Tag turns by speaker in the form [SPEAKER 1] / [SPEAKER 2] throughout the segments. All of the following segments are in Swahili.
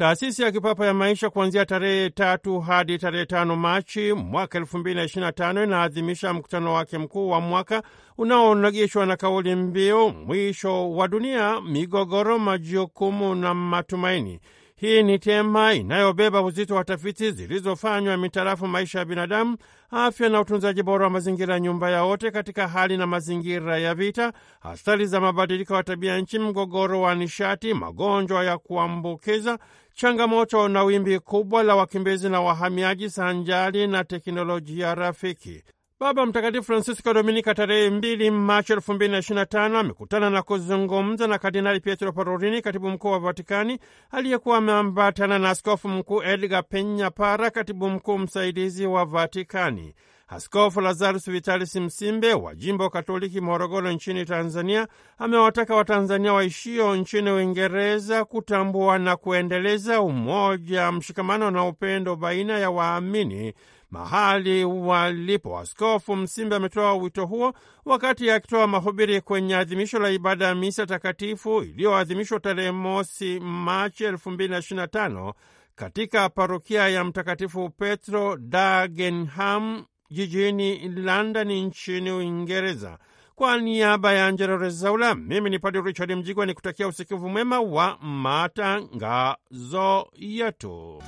[SPEAKER 1] Taasisi ya Kipapa ya Maisha kuanzia tarehe tatu hadi tarehe tano Machi mwaka elfu mbili na ishirini na tano inaadhimisha mkutano wake mkuu wa mwaka unaonogeshwa na kauli mbiu mwisho wa dunia, migogoro, majukumu na matumaini. Hii ni tema inayobeba uzito wa tafiti zilizofanywa mitarafu maisha ya binadamu, afya na utunzaji bora wa mazingira, ya nyumba ya wote katika hali na mazingira ya vita, athari za mabadiliko ya tabia nchi, mgogoro wa nishati, magonjwa ya kuambukiza, changamoto na wimbi kubwa la wakimbizi na wahamiaji, sanjari na teknolojia rafiki. Baba Mtakatifu Francisco Dominika tarehe mbili Machi elfu mbili na na tano amekutana na kuzungumza na Kardinali Pietro Parolini, katibu mkuu wa Vatikani, aliyekuwa ameambatana na askofu mkuu Edgar Penya Para, katibu mkuu msaidizi wa Vatikani. Askofu Lazarus Vitalis Msimbe wa jimbo Katoliki Morogoro nchini Tanzania amewataka Watanzania waishio nchini Uingereza kutambua na kuendeleza umoja, mshikamano na upendo baina ya waamini mahali walipo. Askofu Msimbe ametoa wito huo wakati akitoa mahubiri kwenye adhimisho la ibada ya misa takatifu iliyoadhimishwa tarehe mosi Machi 2025 katika parokia ya Mtakatifu Petro Dagenham jijini London nchini Uingereza. Kwa niaba ya Angela Rezaula, mimi ni Padre Richard Mjigwa ni kutakia usikivu mwema wa matangazo yetu.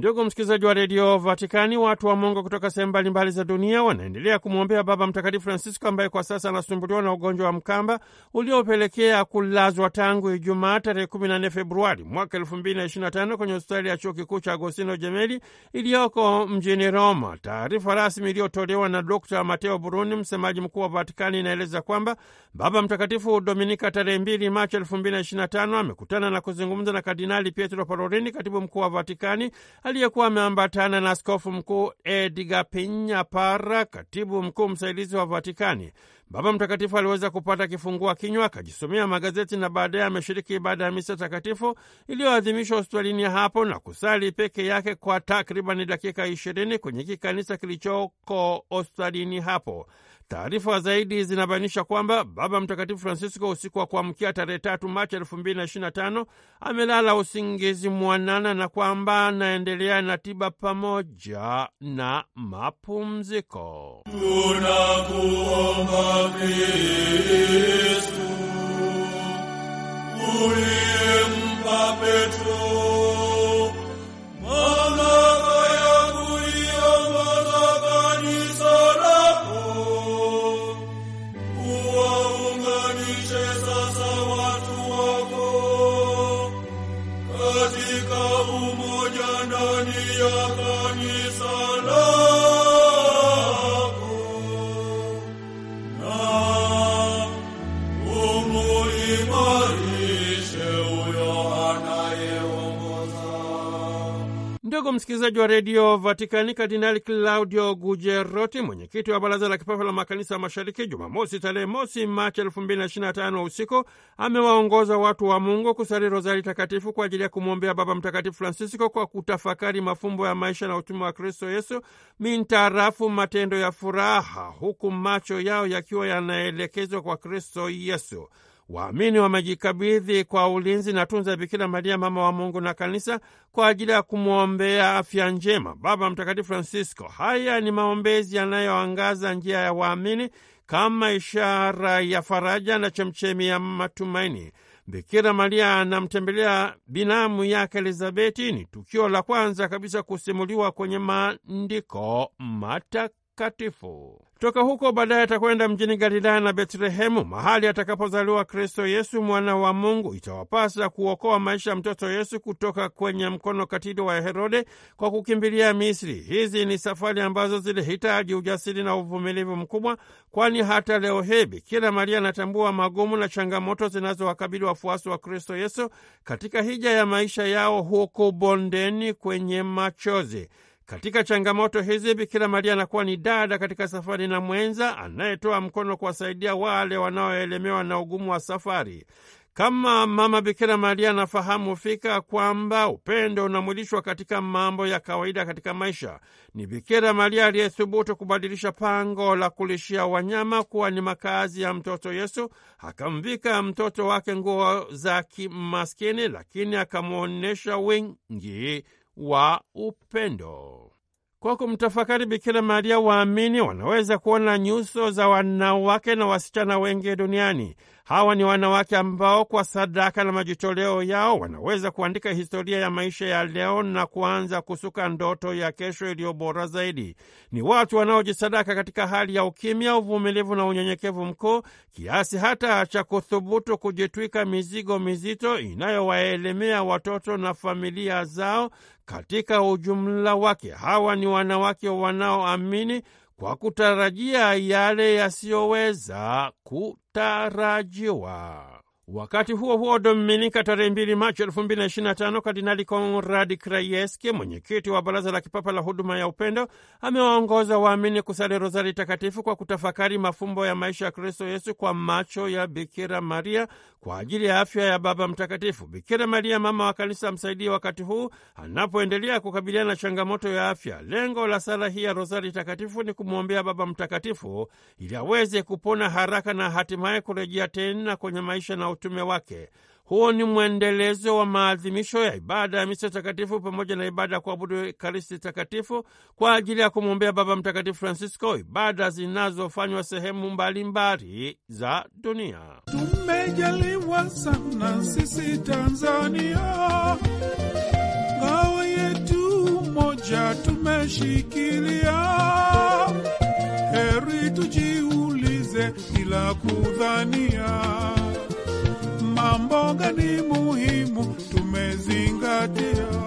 [SPEAKER 1] Ndugu msikilizaji wa redio Vatikani, watu wa Mungu kutoka sehemu mbalimbali za dunia wanaendelea kumwombea Baba Mtakatifu Francisco ambaye kwa sasa anasumbuliwa na ugonjwa wa mkamba uliopelekea kulazwa tangu Ijumaa tarehe 14 Februari mwaka 2025 kwenye hospitali ya chuo kikuu cha Agostino Jemeli iliyoko mjini Roma. Taarifa rasmi iliyotolewa na Dr Mateo Bruni, msemaji mkuu wa Vatikani, inaeleza kwamba Baba Mtakatifu Dominika tarehe 2 Machi 2025 amekutana na kuzungumza na Kardinali Pietro Parolini, katibu mkuu wa Vatikani aliyekuwa ameambatana na askofu mkuu Edgar para katibu mkuu msaidizi wa Vatikani. Baba Mtakatifu aliweza kupata kifungua kinywa, akajisomea magazeti na baadaye ameshiriki ibada ya misa takatifu iliyoadhimishwa hospitalini hapo na kusali peke yake kwa takribani dakika ishirini kwenye kikanisa kilichoko hospitalini hapo. Taarifa zaidi zinabainisha kwamba Baba Mtakatifu Francisco usiku wa kuamkia tarehe tatu Machi elfu mbili na ishirini na tano amelala usingizi mwanana na kwamba anaendelea na tiba pamoja na mapumziko. Tunakuomba Kristu
[SPEAKER 2] uliyempa Petro
[SPEAKER 1] Ndugu msikilizaji wa redio Vatikani, Kardinali Claudio Gujeroti, mwenyekiti wa baraza la kipapa la makanisa ya mashariki, Jumamosi tarehe mosi Machi elfu mbili na ishirini na tano usiku, amewaongoza watu wa Mungu kusali rozari takatifu kwa ajili ya kumwombea Baba Mtakatifu Francisco kwa kutafakari mafumbo ya maisha na utume wa Kristo Yesu mintarafu matendo ya furaha, huku macho yao yakiwa yanaelekezwa kwa Kristo Yesu. Waamini wamejikabidhi kwa ulinzi na tunza Bikira Maria, mama wa Mungu na Kanisa, kwa ajili ya kumwombea afya njema. Baba Mtakatifu Francisco, haya ni maombezi yanayoangaza njia ya waamini kama ishara ya faraja na chemchemi ya matumaini. Bikira Maria anamtembelea binamu yake Elizabeti ni tukio la kwanza kabisa kusimuliwa kwenye maandiko matakatifu. Kutoka huko baadaye atakwenda mjini Galilaya na Betlehemu, mahali atakapozaliwa Kristo Yesu mwana wa Mungu. Itawapasa kuokoa maisha ya mtoto Yesu kutoka kwenye mkono katili wa Herode kwa kukimbilia Misri. Hizi ni safari ambazo zilihitaji ujasiri na uvumilivu mkubwa, kwani hata leo hivi kila Maria anatambua magumu na changamoto zinazowakabili wafuasi wa Kristo Yesu katika hija ya maisha yao huko bondeni kwenye machozi. Katika changamoto hizi, Bikira Maria anakuwa ni dada katika safari na mwenza anayetoa mkono kuwasaidia wale wanaoelemewa na ugumu wa safari. Kama mama Bikira Maria anafahamu fika kwamba upendo unamwilishwa katika mambo ya kawaida katika maisha. Ni Bikira Maria aliyethubutu kubadilisha pango la kulishia wanyama kuwa ni makazi ya mtoto Yesu, akamvika mtoto wake nguo za kimaskini, lakini akamwonyesha wingi wa upendo. Kwa kumtafakari Bikira Maria, waamini wanaweza kuona nyuso za wanawake na wasichana wengi duniani Hawa ni wanawake ambao kwa sadaka na majitoleo yao wanaweza kuandika historia ya maisha ya leo na kuanza kusuka ndoto ya kesho iliyo bora zaidi. Ni watu wanaojisadaka katika hali ya ukimya, uvumilivu na unyenyekevu mkuu, kiasi hata cha kuthubutu kujitwika mizigo mizito inayowaelemea watoto na familia zao. Katika ujumla wake, hawa ni wanawake wanaoamini kwa kutarajia yale yasiyoweza kutarajiwa. Wakati huo huo, Dominika tarehe 2 Machi tano Kardinali Konradi Krayeski, mwenyekiti wa Baraza la Kipapa la Huduma ya Upendo, amewaongoza waamini kusali rozari takatifu kwa kutafakari mafumbo ya maisha ya Kristo Yesu kwa macho ya Bikira Maria kwa ajili ya afya ya Baba Mtakatifu. Bikira Maria, mama wa Kanisa, msaidie wakati huu anapoendelea kukabiliana na changamoto ya afya. Lengo la sala hii ya rozari takatifu ni kumwombea Baba Mtakatifu ili aweze kupona haraka na hatimaye kurejea tena kwenye maisha na utume wake. Huu ni mwendelezo wa maadhimisho ya ibada ya misa takatifu pamoja na ibada ya kuabudu Ekaristi takatifu kwa ajili ya kumwombea Baba Mtakatifu Francisco, ibada zinazofanywa sehemu mbalimbali za
[SPEAKER 2] dunia. Tumejaliwa sana sisi Tanzania, ngao yetu moja tumeshikilia. Heri tujiulize bila kudhania kwamba mboga ni muhimu tumezingatia.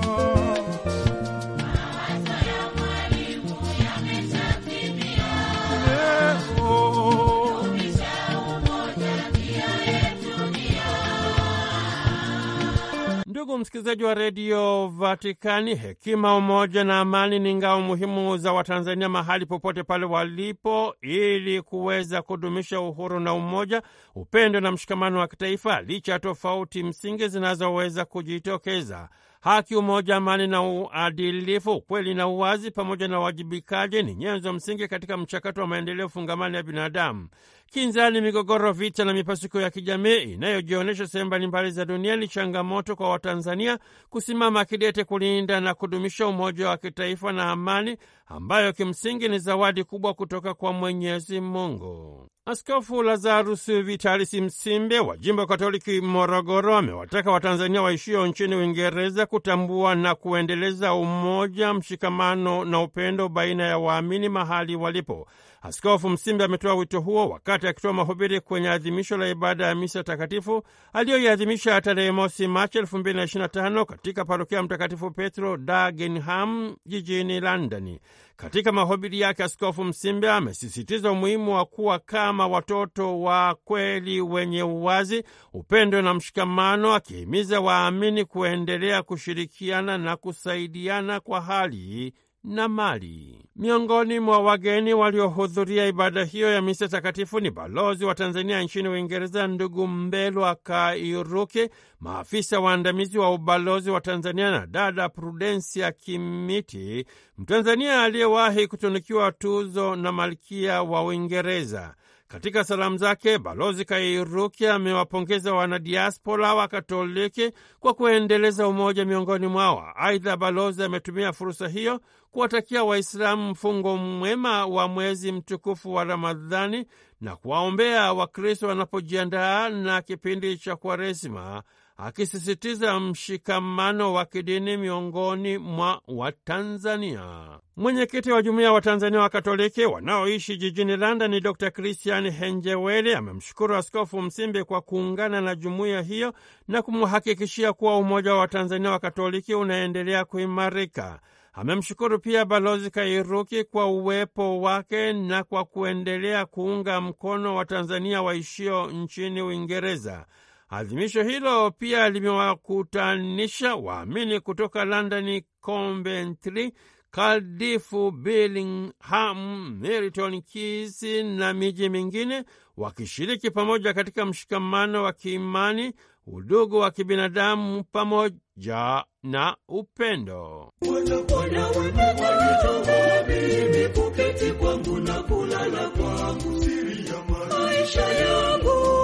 [SPEAKER 1] Ndugu msikilizaji wa redio Vatikani, hekima, umoja na amani ni ngao muhimu za Watanzania mahali popote pale walipo, ili kuweza kudumisha uhuru na umoja, upendo na mshikamano wa kitaifa, licha ya tofauti msingi zinazoweza kujitokeza. Haki, umoja, amani na uadilifu, ukweli na uwazi, pamoja na uwajibikaji ni nyenzo msingi katika mchakato wa maendeleo fungamani ya binadamu. Kinzani, migogoro, vita na mipasuko ya kijamii inayojionyesha sehemu mbalimbali za dunia ni changamoto kwa Watanzania kusimama kidete kulinda na kudumisha umoja wa kitaifa na amani, ambayo kimsingi ni zawadi kubwa kutoka kwa Mwenyezi Mungu. Askofu Lazarus Vitalis Msimbe wa jimbo Katoliki Morogoro amewataka Watanzania waishio nchini Uingereza kutambua na kuendeleza umoja, mshikamano na upendo baina ya waamini mahali walipo. Askofu Msimbe ametoa wito huo wakati akitoa mahubiri kwenye adhimisho la ibada ya misa takatifu aliyoiadhimisha tarehe mosi Machi 2025 katika parokia ya Mtakatifu Petro Dagenham jijini Londoni. Katika mahubiri yake, Askofu Msimbe amesisitiza umuhimu wa kuwa kama watoto wa kweli wenye uwazi, upendo na mshikamano, akihimiza waamini kuendelea kushirikiana na kusaidiana kwa hali na Mali. Miongoni mwa wageni waliohudhuria ibada hiyo ya misa takatifu ni balozi wa Tanzania nchini Uingereza ndugu Mbelwa Kairuki, maafisa waandamizi wa ubalozi wa Tanzania na dada Prudensia Kimiti, Mtanzania aliyewahi kutunukiwa tuzo na malkia wa Uingereza. Katika salamu zake Balozi Kairuki amewapongeza wanadiaspora wa Katoliki kwa kuendeleza umoja miongoni mwao. Aidha, balozi ametumia fursa hiyo kuwatakia Waislamu mfungo mwema wa mwezi mtukufu wa Ramadhani na kuwaombea Wakristo wanapojiandaa na kipindi cha Kwaresima, akisisitiza mshikamano wa kidini miongoni mwa Watanzania. Mwenyekiti wa jumuiya wa Tanzania wa Katoliki wanaoishi jijini London, Dr Christian Henjeweli amemshukuru Askofu Msimbi kwa kuungana na jumuiya hiyo na kumhakikishia kuwa umoja wa Tanzania wa Katoliki unaendelea kuimarika. Amemshukuru pia Balozi Kairuki kwa uwepo wake na kwa kuendelea kuunga mkono wa tanzania waishio nchini Uingereza. Adhimisho hilo pia limewakutanisha waamini kutoka London, Coventry kaldifu Birmingham, Milton Keynes na miji mingine wakishiriki pamoja katika mshikamano wa kiimani, udugu wa kibinadamu pamoja na upendo.
[SPEAKER 2] maisha yangu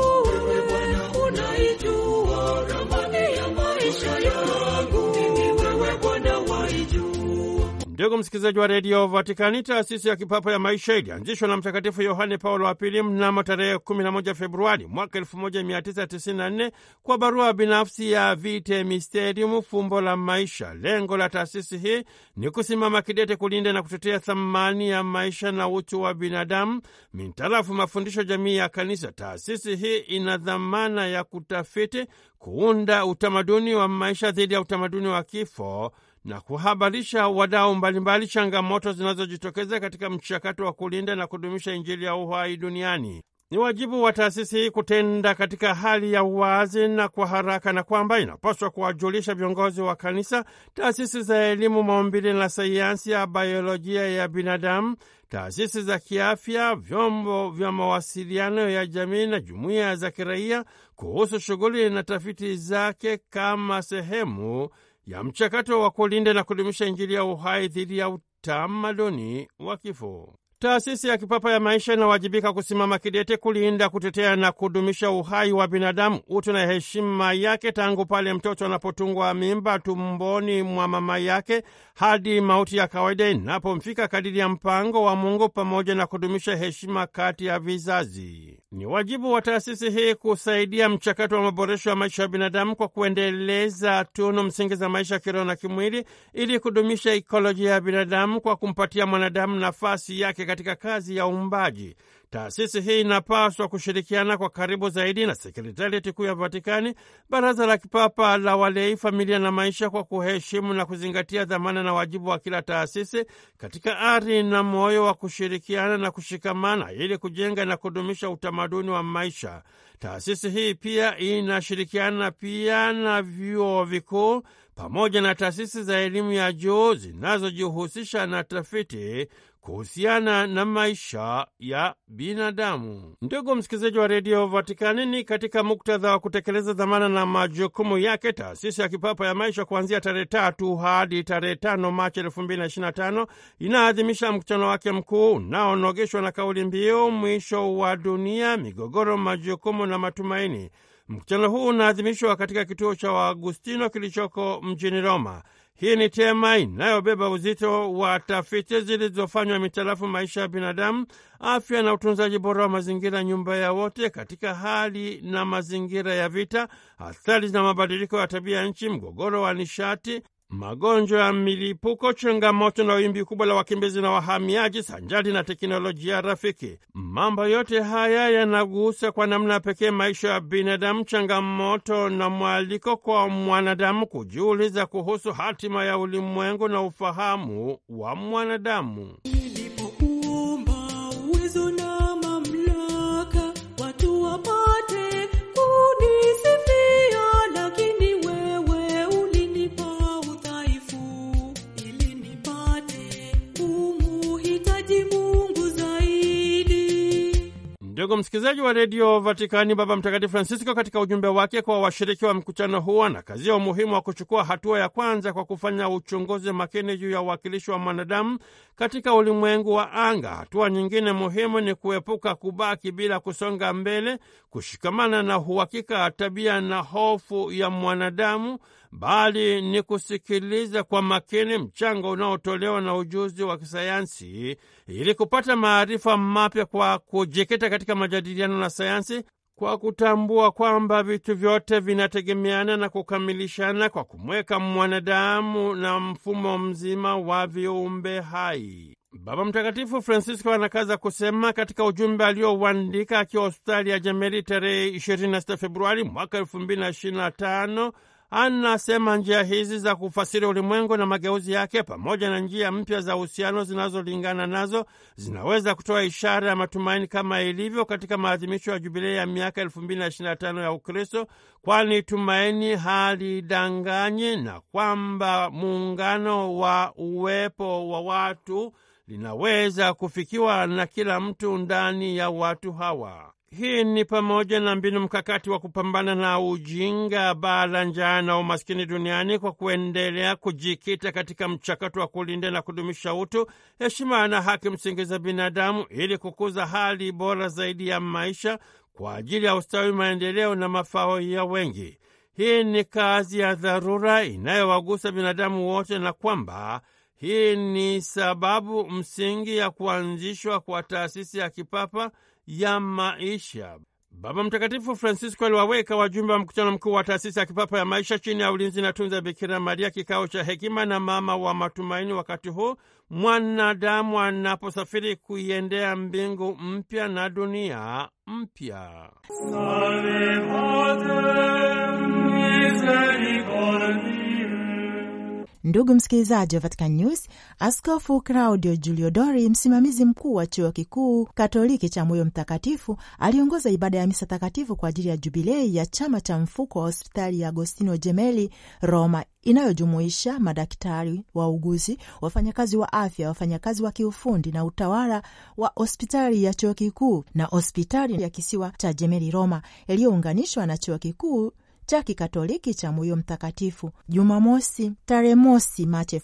[SPEAKER 1] Ndugu msikilizaji wa redio Vatikani, taasisi ya kipapa ya maisha ilianzishwa na Mtakatifu Yohane Paulo wa Pili mnamo tarehe 11 Februari mwaka 1994 kwa barua binafsi ya Vite Mysterium, fumbo la maisha. Lengo la taasisi hii ni kusimama kidete kulinda na kutetea thamani ya maisha na utu wa binadamu mintarafu mafundisho jamii ya Kanisa. Taasisi hii ina dhamana ya kutafiti, kuunda utamaduni wa maisha dhidi ya utamaduni wa kifo na kuhabarisha wadau mbalimbali changamoto zinazojitokeza katika mchakato wa kulinda na kudumisha Injili ya uhai duniani. Ni wajibu wa taasisi hii kutenda katika hali ya uwazi na kwa haraka, na kwamba inapaswa kuwajulisha viongozi wa kanisa, taasisi za elimu, maumbile na sayansi ya biolojia ya binadamu, taasisi za kiafya, vyombo vya mawasiliano ya jamii na jumuiya za kiraia kuhusu shughuli na tafiti zake kama sehemu ya mchakato wa kulinda na kudumisha Injili ya uhai dhidi ya utamaduni wa kifo. Taasisi ya kipapa ya maisha inawajibika kusimama kidete kulinda, kutetea na kudumisha uhai wa binadamu, utu na heshima yake, tangu pale mtoto anapotungwa mimba tumboni mwa mama yake hadi mauti ya kawaida inapomfika, kadiri ya mpango wa Mungu, pamoja na kudumisha heshima kati ya vizazi. Ni wajibu wa taasisi hii kusaidia mchakato wa maboresho ya maisha ya binadamu kwa kuendeleza tunu msingi za maisha kiroho na kimwili, ili kudumisha ikolojia ya binadamu kwa kumpatia mwanadamu nafasi yake katika kazi ya uumbaji. Taasisi hii inapaswa kushirikiana kwa karibu zaidi na sekretarieti kuu ya Vatikani, baraza la kipapa la walei, familia na maisha, kwa kuheshimu na kuzingatia dhamana na wajibu wa kila taasisi katika ari na moyo wa kushirikiana na kushikamana ili kujenga na kudumisha utamaduni wa maisha. Taasisi hii pia inashirikiana pia na vyuo vikuu pamoja na taasisi za elimu ya juu zinazojihusisha na tafiti kuhusiana na maisha ya binadamu. Ndugu msikilizaji wa redio Vatikani, ni katika muktadha wa kutekeleza dhamana na majukumu yake, taasisi ya kipapa ya maisha kuanzia tarehe tatu hadi tarehe tano Machi elfu mbili na ishirini na tano inaadhimisha mkutano wake mkuu unaonogeshwa na kauli mbiu mwisho wa dunia, migogoro, majukumu na matumaini. Mkutano huu unaadhimishwa katika kituo cha Waagustino kilichoko mjini Roma. Hii ni tema inayobeba uzito wa tafiti zilizofanywa mitarafu maisha ya binadamu, afya na utunzaji bora wa mazingira, nyumba ya wote, katika hali na mazingira ya vita, athari na mabadiliko ya tabia ya nchi, mgogoro wa nishati, magonjwa ya milipuko, changamoto na wimbi kubwa la wakimbizi na wahamiaji, sanjari na teknolojia rafiki. Mambo yote haya yanagusa kwa namna pekee maisha ya binadamu, changamoto na mwaliko kwa mwanadamu kujiuliza kuhusu hatima ya ulimwengu na ufahamu wa mwanadamu. Ndugu msikilizaji wa redio Vatikani, Baba Mtakatifu Francisco katika ujumbe wake kwa washiriki wa mkutano huo na kazia umuhimu wa kuchukua hatua ya kwanza kwa kufanya uchunguzi makini juu ya uwakilishi wa mwanadamu katika ulimwengu wa anga. Hatua nyingine muhimu ni kuepuka kubaki bila kusonga mbele, kushikamana na uhakika, tabia na hofu ya mwanadamu bali ni kusikiliza kwa makini mchango unaotolewa na ujuzi wa kisayansi ili kupata maarifa mapya kwa kujikita katika majadiliano na sayansi kwa kutambua kwamba vitu vyote vinategemeana na kukamilishana kwa kumweka mwanadamu na mfumo mzima wa viumbe hai. Baba Mtakatifu Francisco anakaza kusema katika ujumbe aliouandika akiwa hospitali ya Jemeli tarehe 26 Februari mwaka 2025 Anasema njia hizi za kufasiri ulimwengu na mageuzi yake pamoja na njia mpya za uhusiano zinazolingana nazo zinaweza kutoa ishara ya matumaini kama ilivyo katika maadhimisho ya jubilei ya miaka 2025 ya Ukristo, kwani tumaini halidanganyi na kwamba muungano wa uwepo wa watu linaweza kufikiwa na kila mtu ndani ya watu hawa. Hii ni pamoja na mbinu mkakati wa kupambana na ujinga, la njaa na umaskini duniani kwa kuendelea kujikita katika mchakato wa kulinda na kudumisha utu, heshima na haki msingi za binadamu ili kukuza hali bora zaidi ya maisha kwa ajili ya ustawi, maendeleo na mafao ya wengi. Hii ni kazi ya dharura inayowagusa binadamu wote na kwamba hii ni sababu msingi ya kuanzishwa kwa taasisi ya kipapa ya maisha. Baba Mtakatifu Francisco aliwaweka wajumbe wa mkutano mkuu wa taasisi ya kipapa ya maisha chini ya ulinzi na tunza Bikira Maria, kikao cha hekima na mama wa matumaini, wakati huu mwanadamu anaposafiri kuiendea mbingu mpya na dunia mpya.
[SPEAKER 3] Ndugu msikilizaji wa Vatican News, Askofu Claudio Juliodori, msimamizi mkuu wa chuo kikuu Katoliki cha Moyo Mtakatifu, aliongoza ibada ya misa takatifu kwa ajili ya jubilei ya chama cha mfuko wa hospitali ya Agostino Gemelli Roma, inayojumuisha madaktari, wauguzi, wafanyakazi wa afya, wafanyakazi wa kiufundi na utawala wa hospitali ya chuo kikuu na hospitali ya kisiwa cha Jemeli Roma, yaliyounganishwa na chuo kikuu cha kikatoliki cha moyo mtakatifu Jumamosi tarehe mosi Machi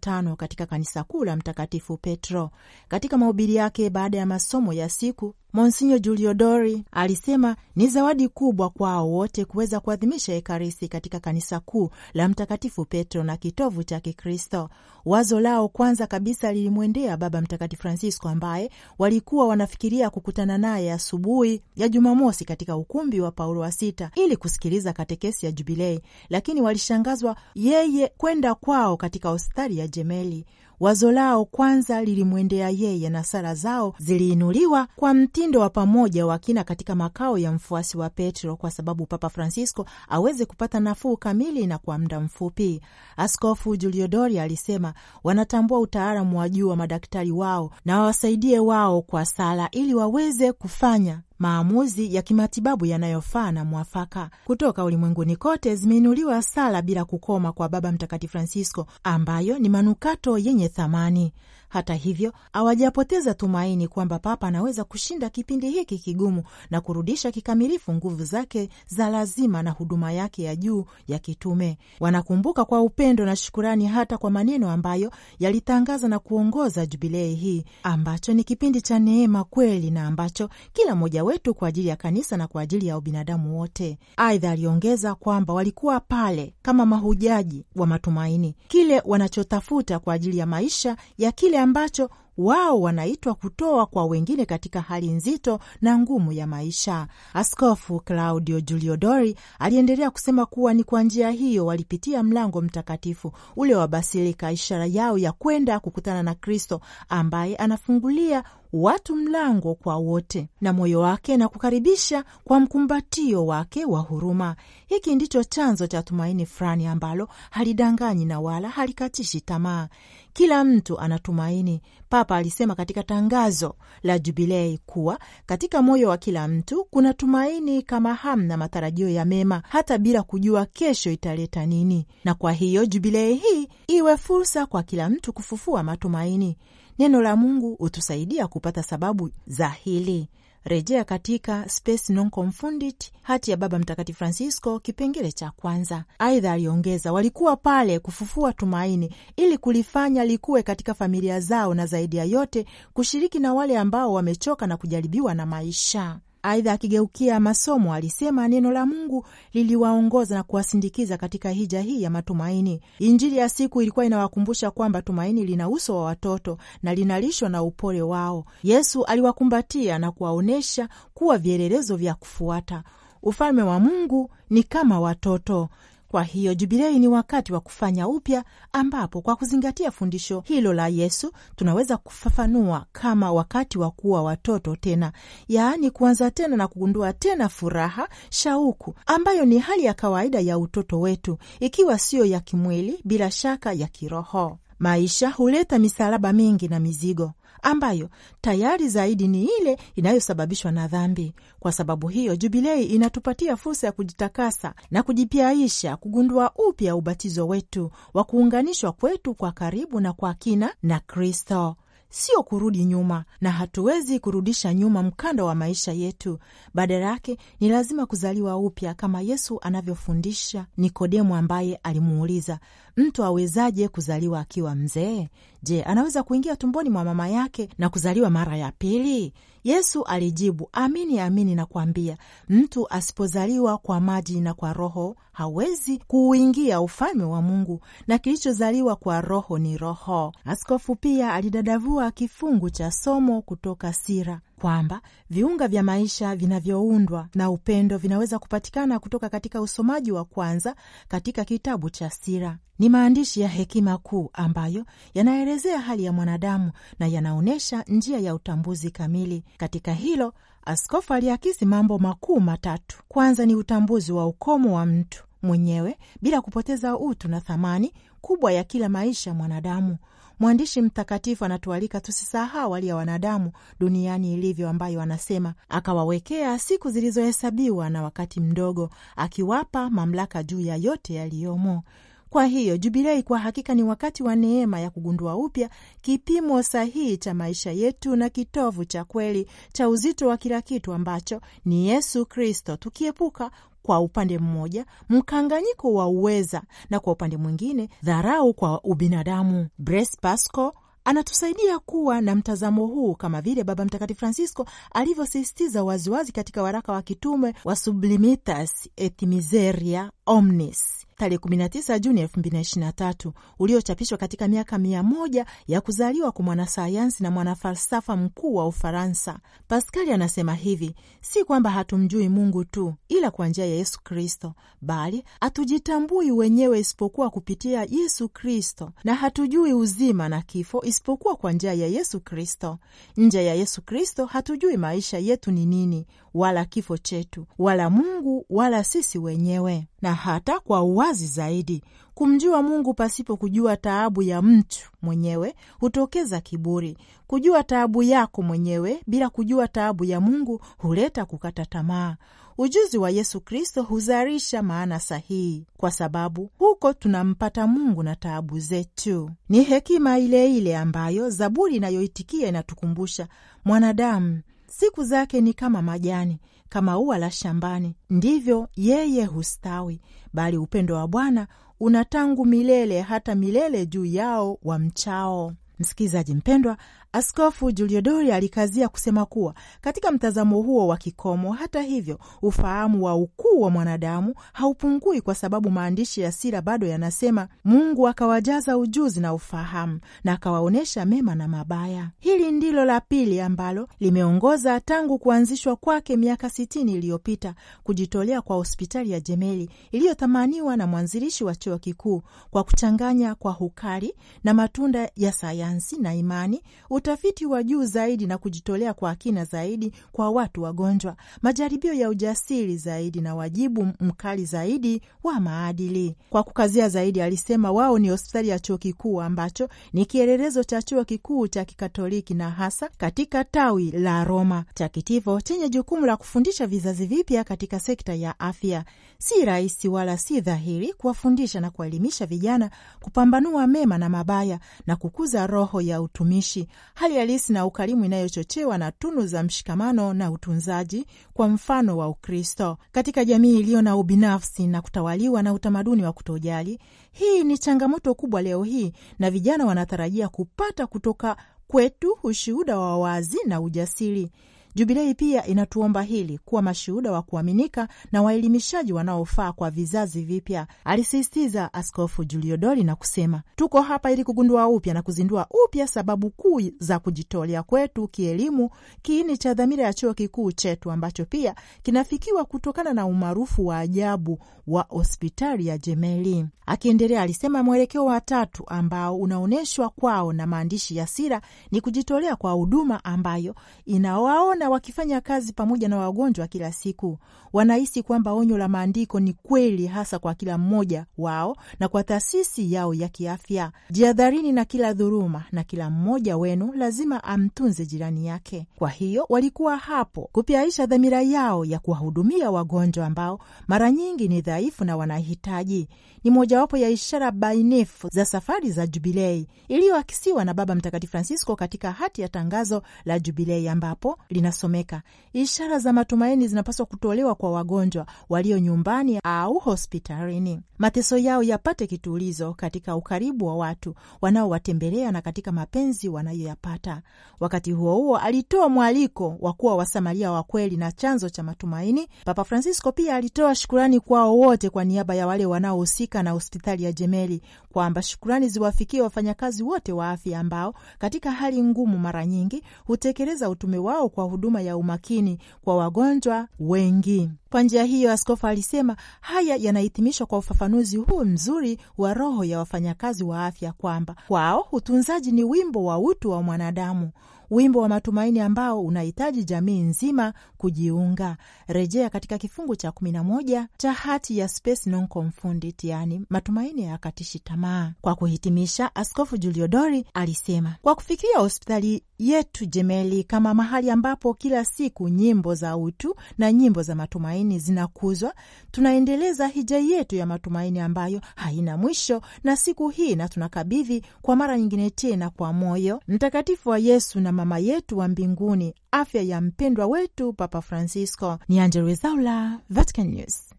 [SPEAKER 3] tano katika kanisa kuu la Mtakatifu Petro. Katika mahubiri yake baada ya masomo ya siku Monsinyo Juliodori alisema ni zawadi kubwa kwao wote kuweza kuadhimisha Ekaristi katika kanisa kuu la Mtakatifu Petro na kitovu cha Kikristo. Wazo lao kwanza kabisa lilimwendea Baba Mtakatifu Francisco ambaye walikuwa wanafikiria kukutana naye asubuhi ya Jumamosi katika ukumbi wa Paulo wa Sita ili kusikiliza katekesi ya Jubilei, lakini walishangazwa yeye kwenda kwao katika hospitali ya Jemeli. Wazo lao kwanza lilimwendea yeye na sala zao ziliinuliwa kwa mtindo wa pamoja wa kina katika makao ya mfuasi wa Petro, kwa sababu Papa Francisco aweze kupata nafuu kamili na kwa muda mfupi. Askofu Juliodori alisema wanatambua utaalamu wa juu wa madaktari wao na wawasaidie wao kwa sala ili waweze kufanya maamuzi ya kimatibabu yanayofaa na mwafaka. Kutoka ulimwenguni kote zimeinuliwa sala bila kukoma kwa Baba Mtakatifu Francisco, ambayo ni manukato yenye thamani. Hata hivyo, hawajapoteza tumaini kwamba Papa anaweza kushinda kipindi hiki kigumu na kurudisha kikamilifu nguvu zake za lazima na huduma yake ya juu ya kitume. Wanakumbuka kwa upendo na shukurani hata kwa maneno ambayo yalitangaza na kuongoza jubilei hii, ambacho ni kipindi cha neema kweli na ambacho kila mmoja wetu kwa ajili ya kanisa na kwa ajili ya ubinadamu wote. Aidha, aliongeza kwamba walikuwa pale kama mahujaji wa matumaini, kile wanachotafuta kwa ajili ya maisha ya kile ambacho wao wanaitwa kutoa kwa wengine katika hali nzito na ngumu ya maisha. Askofu Claudio Juliodori aliendelea kusema kuwa ni kwa njia hiyo walipitia mlango mtakatifu ule wa basilika, ishara yao ya kwenda kukutana na Kristo ambaye anafungulia watu mlango kwa wote, na moyo wake na kukaribisha kwa mkumbatio wake wa huruma. Hiki ndicho chanzo cha tumaini fulani ambalo halidanganyi na wala halikatishi tamaa. Kila mtu anatumaini. Papa alisema katika tangazo la Jubilei kuwa katika moyo wa kila mtu kuna tumaini, kama hamna matarajio ya mema, hata bila kujua kesho italeta nini. Na kwa hiyo Jubilei hii iwe fursa kwa kila mtu kufufua matumaini. Neno la Mungu hutusaidia kupata sababu za hili. Rejea katika Spes Non Confundit, hati ya Baba Mtakatifu Francisco, kipengele cha kwanza. Aidha aliongeza, walikuwa pale kufufua tumaini ili kulifanya likuwe katika familia zao, na zaidi ya yote kushiriki na wale ambao wamechoka na kujaribiwa na maisha. Aidha, akigeukia masomo alisema neno la Mungu liliwaongoza na kuwasindikiza katika hija hii ya matumaini. Injili ya siku ilikuwa inawakumbusha kwamba tumaini lina uso wa watoto na linalishwa na upole wao. Yesu aliwakumbatia na kuwaonyesha kuwa vielelezo vya kufuata. Ufalme wa Mungu ni kama watoto. Kwa hiyo jubilei ni wakati wa kufanya upya, ambapo kwa kuzingatia fundisho hilo la Yesu tunaweza kufafanua kama wakati wa kuwa watoto tena, yaani kuanza tena na kugundua tena furaha, shauku ambayo ni hali ya kawaida ya utoto wetu, ikiwa siyo ya kimwili, bila shaka ya kiroho. Maisha huleta misalaba mingi na mizigo ambayo tayari zaidi ni ile inayosababishwa na dhambi. Kwa sababu hiyo, Jubilei inatupatia fursa ya kujitakasa na kujipyaisha, kugundua upya ubatizo wetu wa kuunganishwa kwetu kwa karibu na kwa kina na Kristo sio kurudi nyuma, na hatuwezi kurudisha nyuma mkanda wa maisha yetu. Badala yake ni lazima kuzaliwa upya, kama Yesu anavyofundisha Nikodemu, ambaye alimuuliza mtu awezaje kuzaliwa akiwa mzee? Je, anaweza kuingia tumboni mwa mama yake na kuzaliwa mara ya pili? Yesu alijibu, amini amini nakwambia, mtu asipozaliwa kwa maji na kwa Roho hawezi kuuingia ufalme wa Mungu, na kilichozaliwa kwa Roho ni roho. Askofu pia alidadavua kifungu cha somo kutoka Sira kwamba viunga vya maisha vinavyoundwa na upendo vinaweza kupatikana kutoka katika usomaji wa kwanza katika kitabu cha Sira. Ni maandishi ya hekima kuu ambayo yanaelezea hali ya mwanadamu na yanaonyesha njia ya utambuzi kamili. Katika hilo, askofu aliakisi mambo makuu matatu. Kwanza ni utambuzi wa ukomo wa mtu mwenyewe bila kupoteza utu na thamani kubwa ya kila maisha mwanadamu. Mwandishi mtakatifu anatualika tusisahau hali ya wanadamu duniani ilivyo, ambayo anasema akawawekea siku zilizohesabiwa na wakati mdogo, akiwapa mamlaka juu ya yote yaliyomo. Kwa hiyo Jubilei kwa hakika ni wakati wa neema ya kugundua upya kipimo sahihi cha maisha yetu na kitovu cha kweli cha uzito wa kila kitu ambacho ni Yesu Kristo, tukiepuka kwa upande mmoja, mkanganyiko wa uweza na kwa upande mwingine dharau kwa ubinadamu. Blaise Pascal anatusaidia kuwa na mtazamo huu kama vile Baba Mtakatifu Francisco alivyosisitiza waziwazi katika waraka wa kitume wa Sublimitas et Miseria Omnis tarehe 19 Juni 2023 uliochapishwa katika miaka mia moja ya kuzaliwa kwa mwanasayansi na mwanafalsafa mkuu wa Ufaransa. Paskali anasema hivi: si kwamba hatumjui Mungu tu, ila kwa njia ya Yesu Kristo, bali hatujitambui wenyewe isipokuwa kupitia Yesu Kristo, na hatujui uzima na kifo isipokuwa kwa njia ya Yesu Kristo. Nje ya Yesu Kristo hatujui maisha yetu ni nini wala kifo chetu, wala Mungu wala sisi wenyewe, na hata kwa uwazi zaidi, kumjua Mungu pasipo kujua taabu ya mtu mwenyewe hutokeza kiburi. Kujua taabu yako mwenyewe bila kujua taabu ya Mungu huleta kukata tamaa. Ujuzi wa Yesu Kristo huzalisha maana sahihi, kwa sababu huko tunampata Mungu na taabu zetu. Ni hekima ile ile ambayo Zaburi inayoitikia inatukumbusha mwanadamu Siku zake ni kama majani, kama ua la shambani, ndivyo yeye hustawi, bali upendo wa Bwana una tangu milele hata milele juu yao wamchao. Msikilizaji mpendwa, Askofu Juliodori alikazia kusema kuwa katika mtazamo huo wa kikomo, hata hivyo, ufahamu wa ukuu wa mwanadamu haupungui, kwa sababu maandishi ya sira bado yanasema, Mungu akawajaza ujuzi na ufahamu na akawaonyesha mema na mabaya. Hili ndilo la pili ambalo limeongoza tangu kuanzishwa kwake miaka sitini iliyopita kujitolea kwa hospitali ya Jemeli iliyothamaniwa na mwanzilishi wa chuo kikuu kwa kuchanganya kwa hukari na matunda ya sayansi na imani utafiti wa juu zaidi na kujitolea kwa kina zaidi kwa watu wagonjwa, majaribio ya ujasiri zaidi na wajibu mkali zaidi wa maadili. Kwa kukazia zaidi, alisema wao ni hospitali ya chuo kikuu ambacho ni kielelezo cha chuo kikuu cha Kikatoliki na hasa katika tawi la Roma takitivo chenye jukumu la kufundisha vizazi vipya katika sekta ya afya. Si rahisi wala si dhahiri kuwafundisha na kuwaelimisha vijana kupambanua mema na mabaya na kukuza roho ya utumishi hali halisi na ukarimu inayochochewa na tunu za mshikamano na utunzaji kwa mfano wa Ukristo katika jamii iliyo na ubinafsi na kutawaliwa na utamaduni wa kutojali. Hii ni changamoto kubwa leo hii, na vijana wanatarajia kupata kutoka kwetu ushuhuda wa wazi na ujasiri Jubilei pia inatuomba hili kuwa mashuhuda wa kuaminika na waelimishaji wanaofaa kwa vizazi vipya, alisisitiza Askofu Doli na kusema, tuko hapa ili kugundua upya na kuzindua upya sababu kuu za kujitolea kwetu kielimu, kiini cha dhamira ya chuo kikuu chetu ambacho pia kinafikiwa kutokana na umaarufu wa ajabu wa hospitali ya Jemeli. Akiendelea alisema, mwelekeo wa tatu ambao unaonyeshwa kwao na maandishi ya Sira ni kujitolea kwa huduma ambayo inawaona maana wakifanya kazi pamoja na wagonjwa kila siku, wanahisi kwamba onyo la maandiko ni kweli hasa kwa kila mmoja wao na kwa taasisi yao ya kiafya. Jihadharini na kila dhuruma, na kila mmoja wenu lazima amtunze jirani yake. Kwa hiyo walikuwa hapo kupyaisha dhamira yao ya kuwahudumia wagonjwa ambao mara nyingi ni dhaifu na wanahitaji. Ni mojawapo ya ishara bainifu za safari za Jubilei iliyoakisiwa na Baba Mtakatifu Francisco katika hati ya tangazo la Jubilei ambapo lina inasomeka: ishara za matumaini zinapaswa kutolewa kwa wagonjwa walio nyumbani au hospitalini, mateso yao yapate kitulizo katika ukaribu wa watu wanaowatembelea na katika mapenzi wanayoyapata. Wakati huo huo, alitoa mwaliko wa kuwa Wasamaria wa kweli na chanzo cha matumaini. Papa Francisco pia alitoa shukurani kwao wote kwa niaba ya wale wanaohusika na hospitali ya Jemeli, kwamba shukurani ziwafikie wafanyakazi wote wa afya ambao katika hali ngumu mara nyingi hutekeleza utume wao kwa huduma ya umakini kwa wagonjwa wengi. Kwa njia hiyo, askofu alisema haya yanahitimishwa kwa ufafanuzi huu mzuri wa roho ya wafanyakazi wa afya kwamba kwao utunzaji ni wimbo wa utu wa mwanadamu, wimbo wa matumaini ambao unahitaji jamii nzima kujiunga. Rejea katika kifungu cha 11 cha hati ya Spes Non Confundit, yani matumaini katishi tamaa. Kwa kuhitimisha, Askofu Julio Dori alisema kwa kufikiria hospitali yetu jemeli kama mahali ambapo kila siku nyimbo za utu na nyimbo za matumaini matumaini zinakuzwa, tunaendeleza hija yetu ya matumaini ambayo haina mwisho na siku hii, na tunakabidhi kwa mara nyingine tena kwa moyo mtakatifu wa Yesu na mama yetu wa mbinguni afya ya mpendwa wetu Papa Francisco. Ni Angella Rwezaula, Vatican News.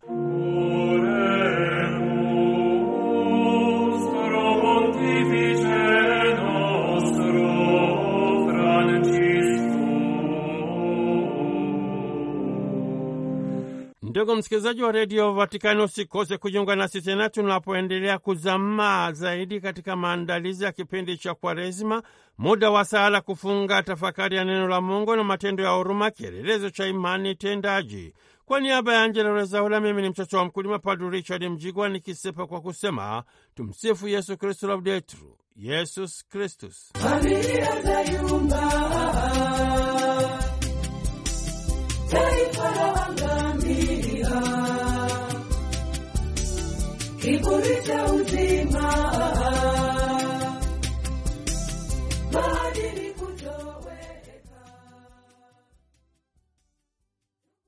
[SPEAKER 1] Ndugu msikilizaji wa redio Vatikani, usikose kujiunga nasi tena tunapoendelea kuzamaa zaidi katika maandalizi ya kipindi cha Kwaresima, muda wa sala, kufunga, tafakari ya neno la Mungu na matendo ya huruma, kielelezo cha imani tendaji. Kwa niaba ya Angela Rezaula, mimi ni mtoto wa mkulima Padre Richard Mjigwa, nikisepa kwa kusema tumsifu Yesu Kristu, laudetur Yesus Kristus.
[SPEAKER 2] ni kurita uta